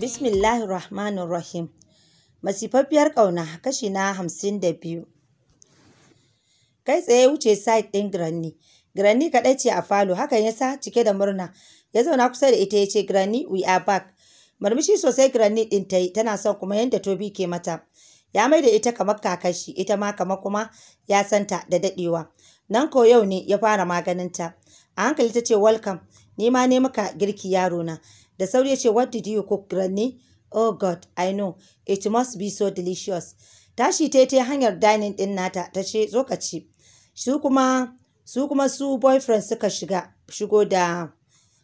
Bismillahi Rahmanir Rahim. Masifaffiyar ƙauna kashi na hamsin da biyu. Kai tsaye wuce site ɗin Granny. Granny kaɗai ce a falo, hakan ya sa cike da murna. Ya zauna kusa da ita ya ce, Granny, we are back. Murmushi sosai Granny ɗin ta yi, tana son kuma yadda Tobi ke mata. Ya mai da ita kamar kakashi, ita ma kamar kuma ya santa da daɗewa. Nan ko yau ne ya fara maganinta. A hankali ta ce, welcome, ni ma ne maka girki yarona. da sauri ya ce what did you cook granny oh god i know it must be so delicious tashi ta ta hanyar dining din nata ta ce zo ka ci su kuma su kuma su boyfriend suka shiga shigo da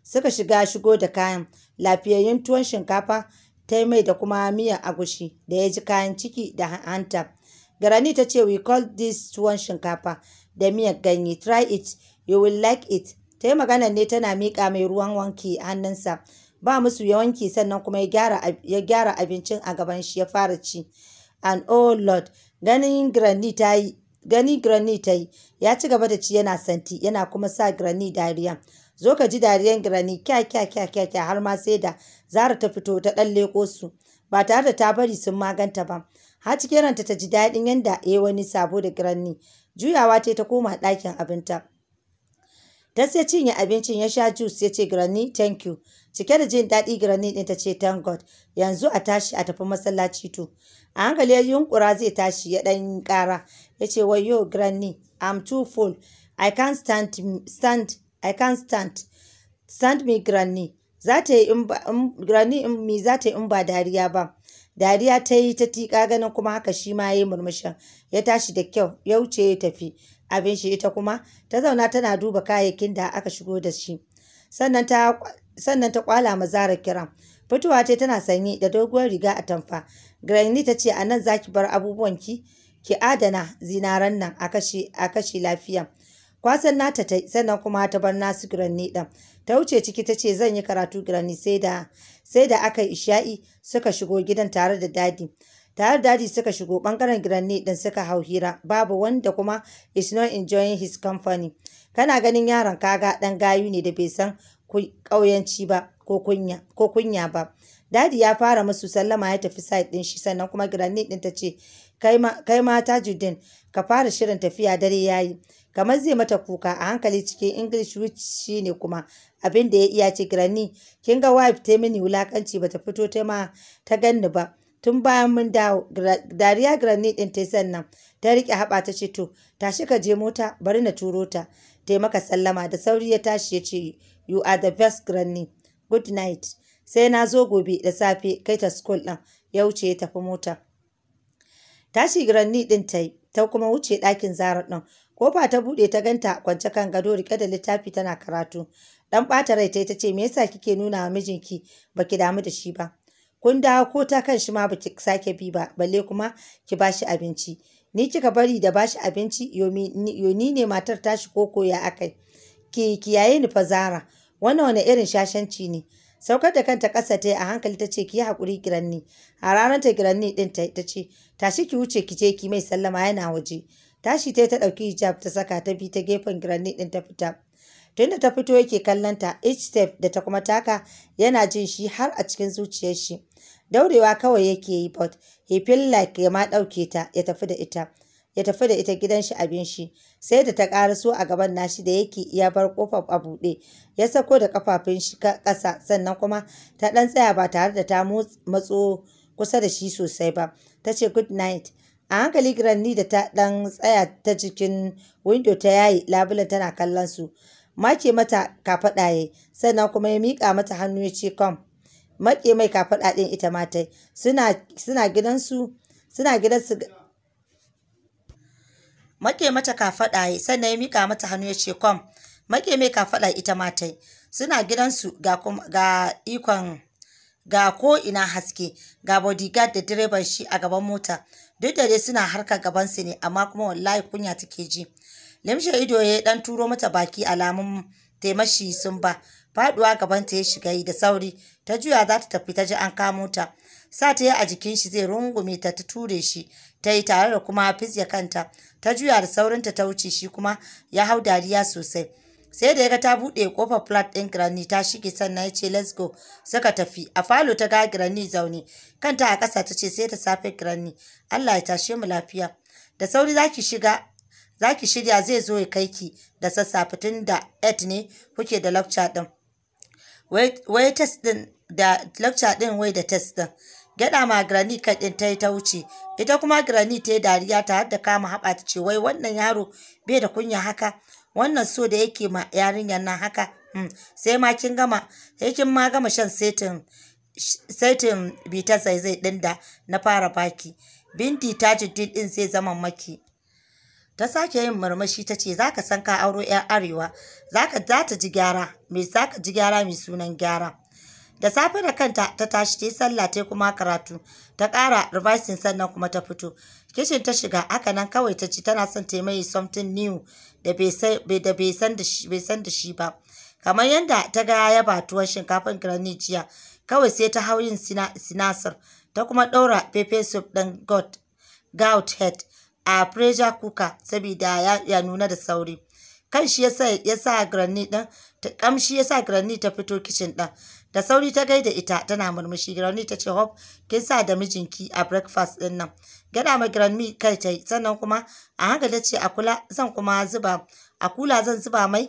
suka shiga shigo da kayan lafiyayyun tuwon shinkafa ta mai da kuma miyan agushi da ya ji kayan ciki da hanta garani ta ce we call this tuwon shinkafa da miya ganye try it you will like it ta yi magana ne tana miƙa mai ruwan wanki hannunsa ba musu ya wanki sannan kuma ya gyara abincin a gaban shi ya fara ci and oh lord gani granny ta yi ya ci gaba da ci yana santi yana kuma sa granny dariya zo ka ji dariyan granny kya kya kya kya kya har ma sai da zara ta fito ta dan leko su ba tare da ta bari sun maganta ba har cikin ranta ta ji daɗin yanda ya wani sabo da granny juyawa ta ta koma ɗakin abinta Ta sai cinye abincin ya sha juice ya ce granny thank you. Cike da jin daɗi granny ɗin ta ce thank God. Yanzu a tashi a tafi masallaci to. A hankali ya yunkura zai tashi ya ɗan ƙara. Ya ce wayo granny I'm too full. I can't stand stand I can't stand. Stand me granny. Za yi in ba granny me za ta yi in ba dariya ba. Dariya ta yi ta tiƙa ganin kuma haka shi ma ya yi murmushin. Ya tashi da kyau ya wuce ya tafi. abin shi ita kuma ta zauna tana duba kayayyakin da aka shigo da shi sannan ta sannan ta kwala ma Zara kiran fitowa ce tana sanyi da doguwar riga a tamfa Granny ta ce anan zaki bar abubuwan ki ki adana zinaran nan a kashi lafiya kwasan nata ta sannan kuma ta bar nasu Granny din ta wuce ciki ta ce zan yi karatu Granny sai da sai da aka isha'i suka shigo gidan tare da dadi tare da daji suka shigo bangaren gidan ne din suka hau hira babu wanda kuma is not enjoying his company kana ganin yaron kaga dan gayu ne da bai san kauyanci ba ko kunya ko kunya ba dadi ya fara musu sallama ya tafi side din shi sannan kuma granit din ta ce kai ma judin ka fara shirin tafiya dare yayi kamar zai mata kuka a hankali cikin english which shine kuma abin da ya iya ce granny kin ga wife ta mini wulakanci bata fito ta ma ta ganni ba tun bayan mun dawo dariya granny din ta sannan ta riƙe haɓa ta ce to tashi ka je mota bari na turo ta ta maka sallama da sauri ya tashi ya ce you are the best granny good night sai na zo gobe da safe kai ta school ɗin ya wuce ya tafi mota tashi granny din ta yi ta kuma wuce ɗakin zarar ɗin kofa ta buɗe ta ganta kwance kan gado rike da littafi tana karatu dan ɓata rai ta ce me yasa kike nuna wa mijinki baki damu da shi ba kun dawo ko ta kan shi ma ba ki sake bi ba balle kuma ki shi abinci ni kika bari da ba shi abinci ni ne matar tashi ko koya akai ki kiyaye ni fazara. zara wannan wani irin shashanci ne saukar da kanta kasa ta a hankali ta ce ki yi haƙuri giranni a ranar ta giranni ɗin ta ce tashi ki wuce ki je ki mai sallama yana waje tashi ta ta ɗauki hijab ta saka ta bi ta gefen giranni ɗin ta fita tunda ta fito yake kallonta each step da ta kuma taka yana jin shi har a cikin zuciyar shi daurewa kawai yake yi but he feel like ya ma dauke ta ya tafi da ita ya tafi da ita gidan shi abin shi sai da ta karaso a gaban nashi da yake ya bar kofar a buɗe ya sako da kafafun shi ƙasa sannan kuma ta ɗan tsaya ba tare da ta matso kusa da shi sosai ba ta ce good night a hankali Granny da ta ɗan tsaya ta jikin windo ta yayi labulen tana kallon su make mata kafaɗa ya sannan kuma ya miƙa mata hannu ya ce kom make mai kafaɗa ɗin ita ma ta suna suna gidansu suna gidansu make mata kafaɗa ya sannan ya miƙa mata hannu ya ce kom make mai kafaɗa ita ma ta suna gidansu ga kuma ga ikon ga ko ina haske ga bodyguard da direban shi a gaban mota duk da dai suna harkar gabansu ne amma kuma wallahi kunya take ji limshe ido ya dan turo mata baki alamun taimashi sun ba faduwa gabanta ya shiga yi da sauri ta juya za ta tafi ta ji an kamo ta sa ta yi a jikin shi zai rungume ta ta ture shi ta yi tare da kuma ya kanta ta juya da saurinta ta wuce shi kuma ya hau dariya sosai sai da ya ga ta buɗe kofar flat ɗin Granny ta shige sannan ya ce let's go suka tafi a falo ta ga Granny zaune kanta a ƙasa ta ce sai ta safe Granny Allah ya tashe mu lafiya da sauri za ki shiga za ki shirya zai zo ya kai ki da sassafe tun da et ne kuke da lakca ɗin wai test ɗin da lakca ɗin wai da test ɗin gyaɗa ma grani kai ɗin ta yi ta wuce ita kuma grani ta yi dariya ta har da kama haɓa ta ce wai wannan yaro bai da kunya haka wannan so da yake ma yarinyar nan haka hmm, sai ma kin gama sai kin ma gama shan setin setin bita zai ɗin da na fara baki binti ta jiddin ɗin zai zama maki ta sake yin murmushi ta ce za ka san ka auro 'yan arewa zaka za ka ji gyara mai ka ji gyara mai sunan gyara da safe da kanta ta tashi ta yi sallah ta kuma karatu ta ƙara revising sannan kuma ta fito kishin ta shiga haka nan kawai ta ci tana son ta mai something new da bai san da shi ba kamar yadda ta ga ya batuwar shinkafin granny jiya kawai sai ta hau yin sinasar ta kuma ɗaura pepper soup ɗin gout head a pressure cooker saboda ya, nuna da sauri kan shi ya sa granny din, ta kamshi ya granny ta fito kicin din. da sauri ta gaida ita tana murmushi granny ta ce hop kin sa da mijinki a breakfast din nan gada ma granny kai ta sannan kuma a haka ta ce a kula zan kuma zuba a kula zan zuba mai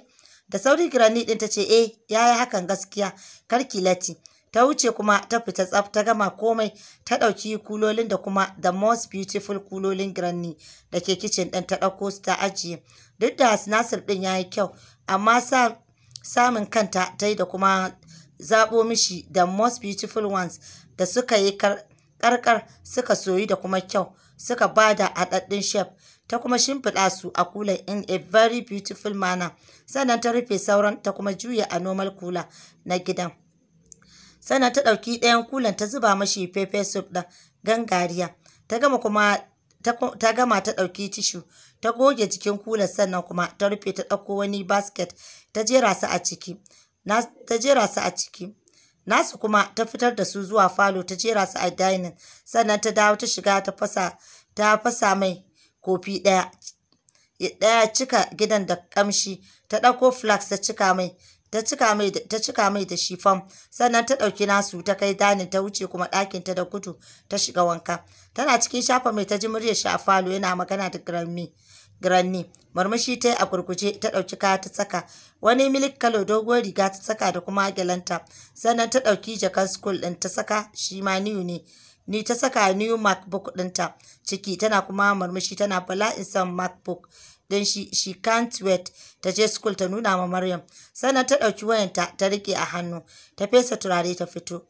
da sauri granny din ta ce eh yi hakan gaskiya kar ki lati ta wuce kuma ta fita tsaf ta gama komai ta ɗauki kulolin da kuma the most beautiful kulolin granny da ke kicin ɗin ta ɗauko su ta ajiye duk da sinasir ɗin ya yi kyau amma sa samun kanta ta yi da kuma zabo mishi the most beautiful ones da suka yi karkar suka soyi da kuma kyau suka ba da haɗaɗɗun shef ta kuma shimfiɗa su a kula in a very beautiful manner sannan ta rufe sauran ta kuma juya a normal kula na gidan. sannan ta ɗauki ɗayan kulan ta zuba mashi fefe soup ɗin gangariya ta gama kuma ta gama ta ɗauki tishu ta goge jikin kulan sannan kuma ta rufe ta ɗauko wani basket ta jera su a ciki ta jera su a ciki nasu kuma ta fitar da su zuwa falo ta jera su a dining sannan ta dawo ta shiga ta fasa ta fasa mai kofi ɗaya ɗaya cika gidan da ƙamshi ta ɗauko flax ta cika mai ta cika mai da shi fam sannan ta ɗauki nasu ta kai danin ta wuce kuma ɗakin ta da kudu ta shiga wanka tana cikin shafa mai ta ji murya shi a falo yana magana da granny granny murmushi ta yi a gurguje, ta ɗauki kaya ta saka wani milik kalo doguwar riga ta saka da kuma gelanta sannan ta ɗauki jakan school ɗin ta saka shi ma niyu ne ni ta saka new macbook ɗinta ciki tana kuma murmushi tana bala'in son macbook din shi she can't wait ta je school ta nuna ma Maryam sannan ta ɗauki wayanta ta rike a hannu ta fesa turare ta fito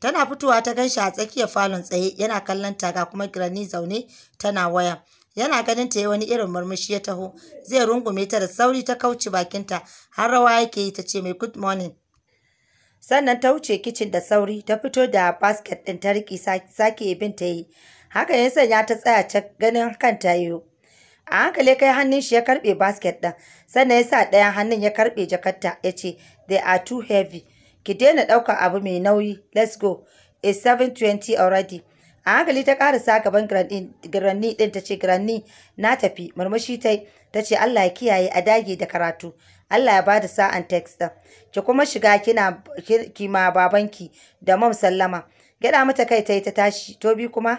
tana fitowa ta gan shi a tsakiyar falon tsaye yana kallon ta ga kuma Granny zaune tana waya yana ganin ta yi wani irin murmushi ya taho zai rungume ta da sauri ta kauce bakinta har rawa yake yi ta ce mai good morning sannan ta wuce kicin da sauri ta fito da basket ɗin ta riƙe sake bin ta yi haka ya sanya ta tsaya ta ganin kanta yi. a hankali kai hannun shi ya karbe basket ɗin sannan ya sa ɗayan hannun ya karbe jakarta ya ce they are too heavy ki daina ɗaukar abu mai nauyi let's go it's 720 already a hankali ta karasa gaban granny din ta ce granny na tafi murmushi ta ta ce Allah ya kiyaye a dage da karatu Allah ya bada sa'an text din ki kuma shiga kina ma babanki da mam sallama gyaɗa mata kai ta yi ta tashi tobi kuma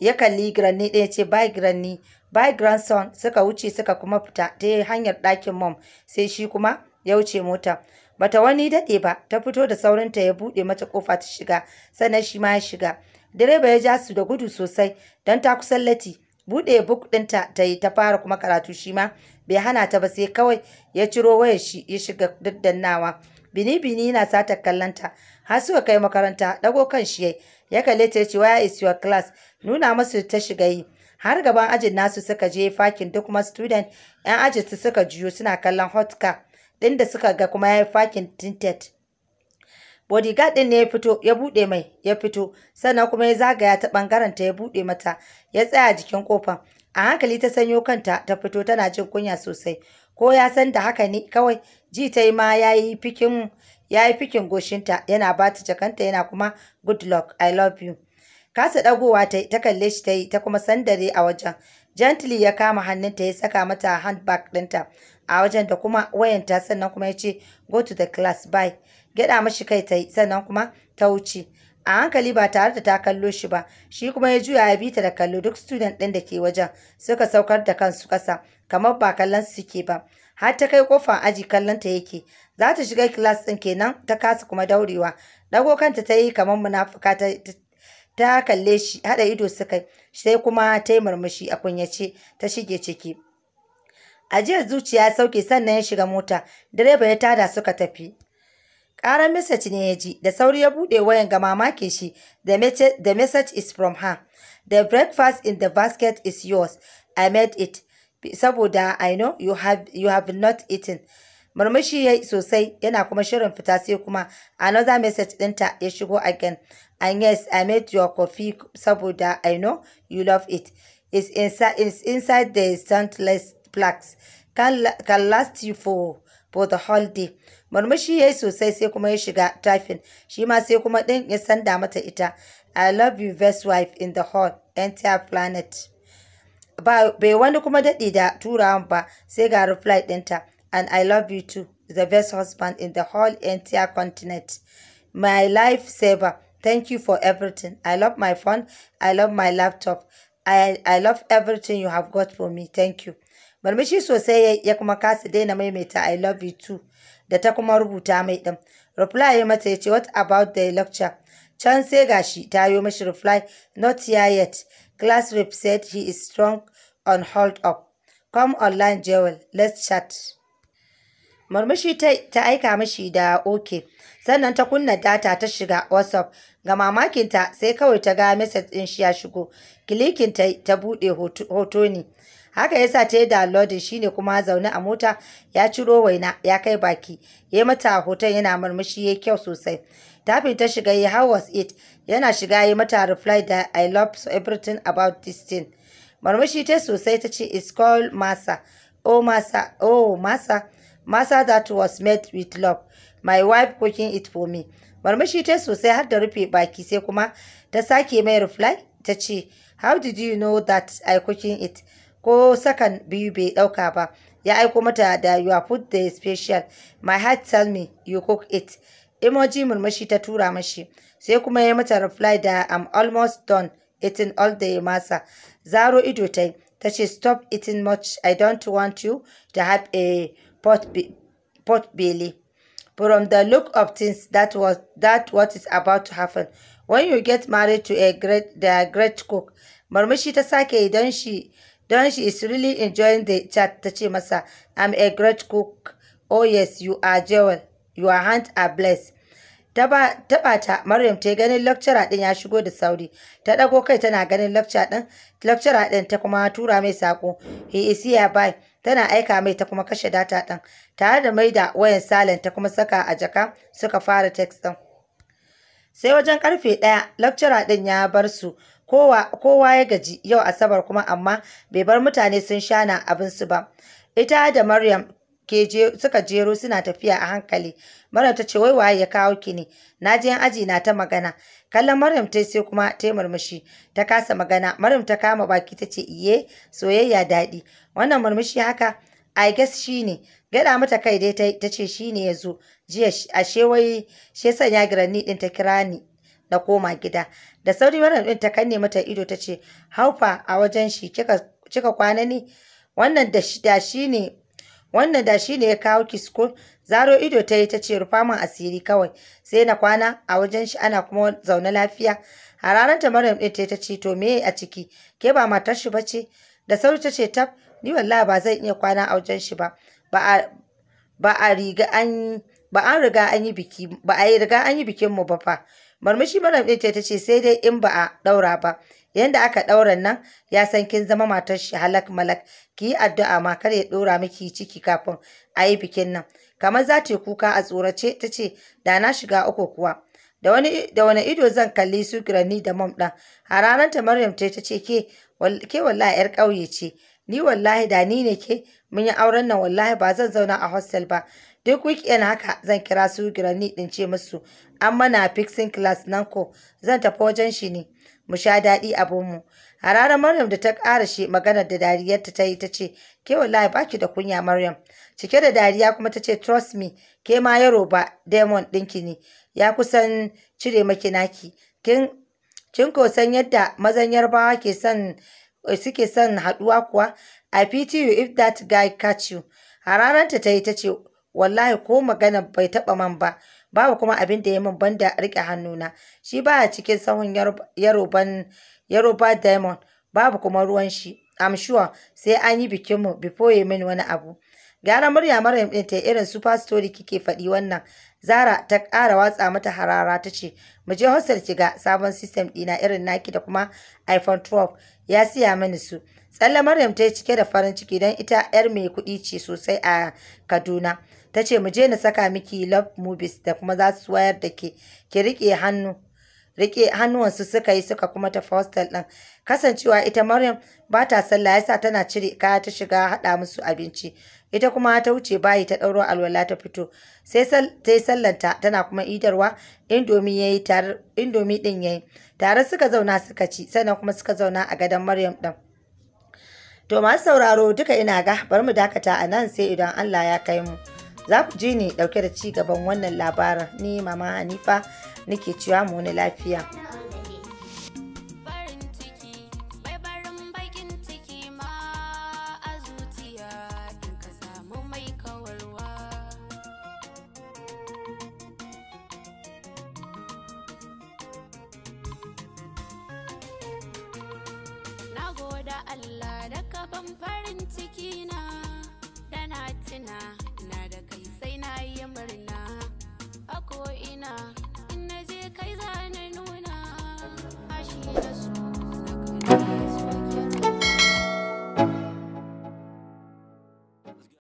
ya kalli granny ɗin ya ce bye granny by grandson suka wuce suka kuma fita ta hanyar ɗakin mom sai shi kuma ya wuce mota bata wani daɗe ba ta fito da saurinta ya buɗe mata ƙofa ta shiga sannan shi ma ya shiga direba ya ja su da gudu sosai don ta kusan lati buɗe buk ɗinta ta yi ta fara kuma karatu shi ma bai hana ta ba sai kawai ya ciro wayar shi ya shiga daddannawa bini-bini yana sata kallonta har suka kai makaranta ɗago kan shi yai. ya kalle ta ya ce waya is your class nuna masu ta shiga yi har gaban ajin nasu suka je fakin duk kuma student yan ajin su suka juyo suna kallon hot car din da suka ga kuma ya yi fakin tinted bodyguard din ne ya fito ya bude mai ya fito sannan kuma ya zagaya ta bangaren ta ya bude mata ya tsaya jikin kofan a hankali ta sanyo kanta ta fito tana jin kunya sosai ko ya san da haka ne kawai ji ta yi ma ya yi fikin ya fikin goshinta yana ba ta jakanta yana kuma good luck i love you kasa dagowa ta ta kalle shi ta yi ta kuma sandare a wajen gently ya kama hannunta ya saka mata handbag ɗinta a wajen da kuma wayanta sannan kuma ya ce go to the class bye gyaɗa mashi kai ta yi sannan kuma ta wuce a hankali ba tare da ta kallo shi ba shi kuma ya juya ya bita da kallo duk student ɗin da ke wajen suka saukar da kansu kasa, kamar ba kallon su suke ba har ta kai kofar aji kallon ta yake za ta shiga class ɗin kenan ta kasa kuma daurewa ɗago kanta ta yi kamar munafuka ta ta kalle shi haɗa ido suka sai kuma ta yi murmushi a kunyace ta shige ciki A jiya, zuciya sauke sannan ya shiga mota direba ya tada suka tafi ƙarar message ne ya ji da sauri ya buɗe wayan ga mamakin shi the message is from her the breakfast in the basket is yours i made it saboda i know you have, you have not eaten murmushi ya sosai yana kuma shirin fita sai kuma another message ɗinta ya shigo again And yes, I made your coffee saboda. I know you love it. It's inside, it's inside the stuntless plaques. Can, can last you for, for the whole day. Murmushi ya yi say sai kuma ya shiga She Shi ma say kuma then ya sanda mata ita. I love you best wife in the whole entire planet. Ba bai wani kuma daɗi da ba sai ga reply ɗinta. And I love you too, the best husband in the whole entire continent. My life saver. Thank you for everything. I love my phone. I love my laptop. I, I love everything you have got for me. Thank you. so say ya kuma na daina maimaita I love you too da ta kuma rubuta mai Reply ya mata ya what about the lecture? Can sai gashi ta yi reply not here yet. Class rep said he is strong on hold up. Come online Jewel, let's chat. murmushi ta aika mashi da oK sannan ta kunna data ta shiga whatsapp ga mamakinta sai kawai ta ga message din shi ya shigo kilikin ta, ta bude hoto ne haka yasa ta yi downloading shine kuma zaune a mota ya ciro waina ya kai baki ya mata hoton yana murmushi ya kyau sosai tafin ta shiga yi how was it yana shiga yi mata reply da i love everything about this thing murmushi ta sosai ta ce it's called masa oh masa oh masa masa that was made with love my wife cooking it for me marmashi ta sosai har da rufe baki sai kuma ta sake mai reply ta ce how did you know that i cooking it ko sakan biyu bai ɗauka ba ya aiko mata da you are food the special my heart tell me you cook it emoji murmushi ta tura mashi sai kuma ya mata reply da i'm almost done eating all the masa zaro ido ta ta ce stop eating much i don't want you to have a pot belly. From the look of things, that was that what is about to happen. When you get married to a great, the great cook, murmushi ta sake she shi she is really enjoying the chat ta ce masa, I'm a great cook. Oh yes, you are jewel. Your hands are blessed. Taba ta Maryam ta ganin lecturer din ya shigo da saudi Ta dago kai tana ganin lecturer din. Lecturer din ta kuma tura mai sako. He is here by tana aika mai ta kuma kashe data ɗin tare da maida wayan silent ta kuma saka a jaka suka fara text ɗin sai wajen karfe ɗaya lecturer ɗin ya bar su kowa ya gaji yau asabar kuma amma bai bar mutane sun shana abin su ba ita da maryam suka jero suna tafiya a hankali maryam ta ce wai waye ya kawo ki ne na yan aji na ta magana kallon maryam ta sai kuma ta murmushi ta kasa magana maryam ta kama baki ta ce iye soyayya daɗi wannan murmushi haka i guess shine gada mata kai dai ta ce shine ya zo jiya ashe wai shi yasa ya girani din ta kira ni na koma gida da sauri maryam din ta kanne mata ido ta ce haufa a wajen shi kika kika kwana ni wannan da shi ne wannan da shi ya kawo ki school Zaro ido ta yi ta ce rufa min asiri kawai sai na kwana a wajen shi ana kuma zaune lafiya. Hararanta Maryam ɗin ta yi ta ce to meye a ciki ke ba matar shi ba da sauri ta ce tab ni wallahi ba zan iya kwana a wajen shi ba ba a riga an ba an riga an yi biki ba a riga an yi bikin mu ba fa marmishi Maryam ɗin ta ce sai dai in ba a ɗaura ba yanda aka ɗaura nan ya san kin zama matar shi halak malak ki addu'a ma kar ya ɗora miki ciki kafin a yi bikin nan kamar za ta kuka a tsorace ta ce da na shiga uku kuwa da wani ido zan kalli su girani da mom ɗan? a ranar ta maryam ta ce ke wallahi yar ƙauye ce ni wallahi da ni ne ke mun yi auren nan wallahi ba zan zauna a hostel ba duk weekend haka zan kira su girani ɗin ce musu an mana fixing class nan ko zan tafi wajen shi ne mu sha daɗi abinmu a ranar maryam da ta ƙara shi maganar da dariyarta ta yi ta ce ke wallahi baki da kunya maryam cike da dariya kuma ta ce trust me ke ma yaro ba demon ɗinki ne ya kusan cire maki naki kin kin kosan yadda mazan yarbawa ke son eh, suke son haɗuwa kuwa i pity if that guy catch you a ranar ta ta yi ta ce wallahi ko magana bai taɓa man ba babu kuma abin da ya min banda rike hannuna shi baya cikin sahun yaroban yaroba diamond babu kuma ruwan shi I'm sai an yi bikinmu before ya mini wani abu gyara murya maryam ɗin ta irin super story kike faɗi wannan zara ta ƙara watsa mata harara ta ce mu je hostel ki ga sabon system ɗina irin naki da kuma iphone 12 ya siya mini su tsalle maryam ta yi cike da farin ciki don ita yar mai kuɗi ce sosai a kaduna ta ce mu je na saka miki love movies da kuma za su wayar da ke ki riƙe hannu rike hannuwansu suka yi suka kuma ta hostel ɗin kasancewa ita maryam ba ta sallah yasa tana cire kaya ta shiga hada musu abinci ita kuma ta wuce bayi ta dauro alwala ta fito sai ta yi sallanta tana kuma idarwa indomi yayi tar indomi ɗin yayi tare suka zauna suka ci sannan kuma suka zauna a gadon maryam din. to masu sauraro duka ina ga bari mu dakata anan sai idan allah ya kai mu za ku je ni dauke da ci gaban wannan labarin ni mama hanifa nake cewa mu wani lafiya goda Allah da kaban farin ciki na da na tuna na na yi murna a ko'ina